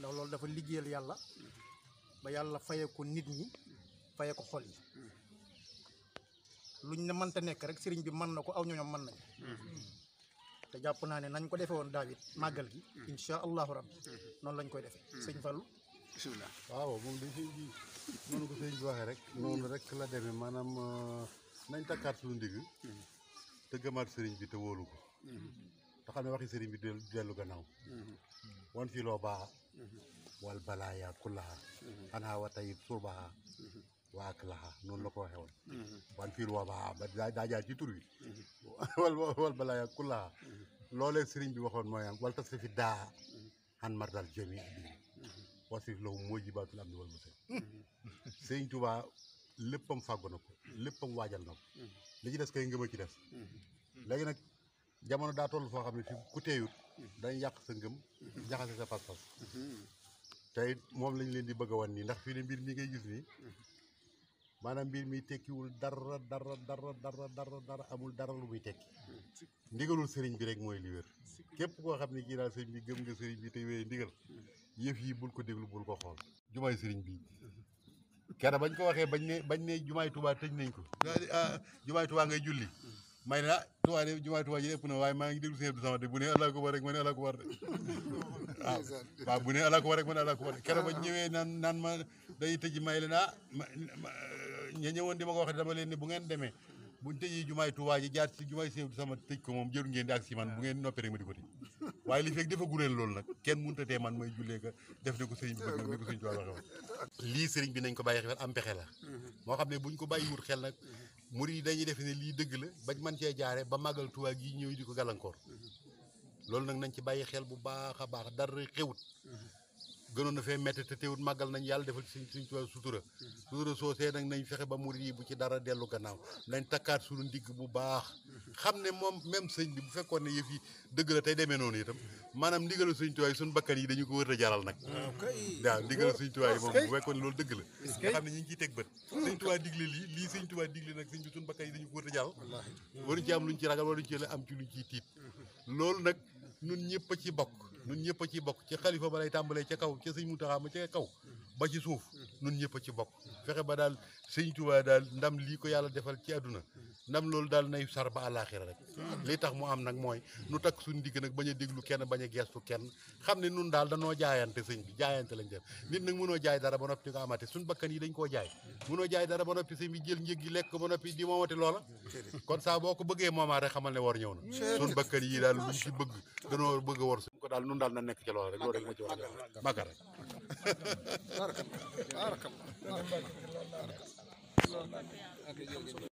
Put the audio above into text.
ndax loolu dafa liggéeyal yàlla ba yàlla faye ko nit ñi fayee ko xol yi luñ ne mënta nekk rek sëriñ bi man na ko aw ñooñom man nañu te jàpp naa ne nañ ko defee woon daawit màggal gi insha allahu rabbi noonu lañ koy defee sëñ Fallu bisimilah waaw moom dañ bi noonu ko sëñ rek noonu rek la demee maanaam euh, nañ takkaat suñu ndigg te gëmaat sëriñ bi te wóolu ko mm-hmm. te xam ne waxi sëriñ bi dellu gannaaw mm-hmm. wan fii loo baax wal balaaya kullaha anha wa tayib surbaha wa aklaha noonu la ko waxee woon wan fiir wa baa ba daa jaar ci tur wi wal wal balaaya kullaha loolee sëriñ bi waxoon mooy am fi tasrifi daa an mardal jami bi wasrif lahu mujibaatul amni wal musal sëriñ Tuubaa léppam fàggu ko léppam waajal na ko li ci des kay ngëm ci des léegi nag jamono daa toll foo xam ne fi ku teeyut dañ yàq sa ngëm jaxase sa pas-pas te moom lañ leen di bëgg a wan nii ndax fii ne mbir mi ngay gis nii maanaam mbir mi tekkiwul dara dara dara dara amul dara lu muy tekki ndigalul sëriñ bi rek mooy li wér képp koo xam ne kii daal sëriñ bi gëm nga sëriñ bi te wéy ndigal yëf yi bul ko déglu bul ko xool jumaay sëriñ bi kenn bañ ko waxee bañ ne bañ ne jumaay tubaa tëj nañ ko ah, jumaay tubaa ngay julli may la Touba de jumaa Touba ji ëpp na waaye maa ngi déglu seen Abdou Samad bu ne Allahu ma ne Allahu ah, bu ne Allahu akbar rek ma ne Allahu akbar de keroog naan naan ma day tëj may leen ah ña ñëwoon di ma ko wax dama leen ne bu ngeen demee bu tëjee jumaay ji jaar ci jumaay seen Abdou Samad tëj ko moom jëru ngeen di ak si bu ngeen noppee rek ma di ko tëj waaye li fekk dafa gureel loolu nag kenn mënut a tee man may jullee ka def ne ko sëriñ bi bëgg ne ko sëriñ Touba nañ ko bàyyi xel am pexe la mm-hmm. moo xam ne bu ñu ko bàyyi wut xel nag murid yi dañuy def ne lii dëgg la bañ man cee jaare ba màggal Tuubaa gi ñëw di ko gàllankoor mhm. loolu nag nañ ci bàyyi xel bu baax a baax dara xewut mhm. gënoon na fee métti te teewut nañ yàlla defal suñ suñ sutura sutura soosee nag nañ fexe ba murid yi bu ci dara dellu gannaaw nañ takkaat suñu ndigg bu baax xam ne moom même sëñ bi bu fekkoon ne yëf yi dëgg la tey demee noonu itam maanaam ndigalu suñ tubaab yi suñ bakkan yi dañu ko wër a jaral nag ah, waaw ndigalu suñ tubaab yi moom bu loolu dëgg la nga xam ñu ngi ciy teg bët suñ tubaab digle lii lii suñ nag suñ bi suñ bakkan yi dañu ko wër a jaral waruñ ci am luñ ci ragal waruñ ci am ci luñ ciy tiit loolu nag nun ñëpp a ci bokk nun ñëpp a ci bokk ci xalifa ba lay tàmbalee ca kaw ca sëñ Muntaxa ma ca kaw ba ci suuf nun ñëpp a ci bokk fexe ba daal sëñ Tuubaa daal ndam lii ko yàlla defal ci àdduna ndam loolu daal nay sar ba àllaaxira rek li tax mu am nag mooy nu takk suñu digg nag bañ a déglu kenn bañ a gestu kenn xam ne nun daal danoo jaayante sëñ bi jaayante lañ def nit nag mënoo jaay dara ba noppi nga amate suñ bakkan yi dañ koo jaay mënoo jaay dara ba noppi sëñ bi jël njëg gi lekk ba noppi di moomate loola kon saa boo ko bëggee moomaa rek xamal ne war ñëw na suñ bakkan yi daal luñ ci bëgg danoo bëgg war suñ ko daal nun daal na nekk ci loola rek loolu rek ma ci war a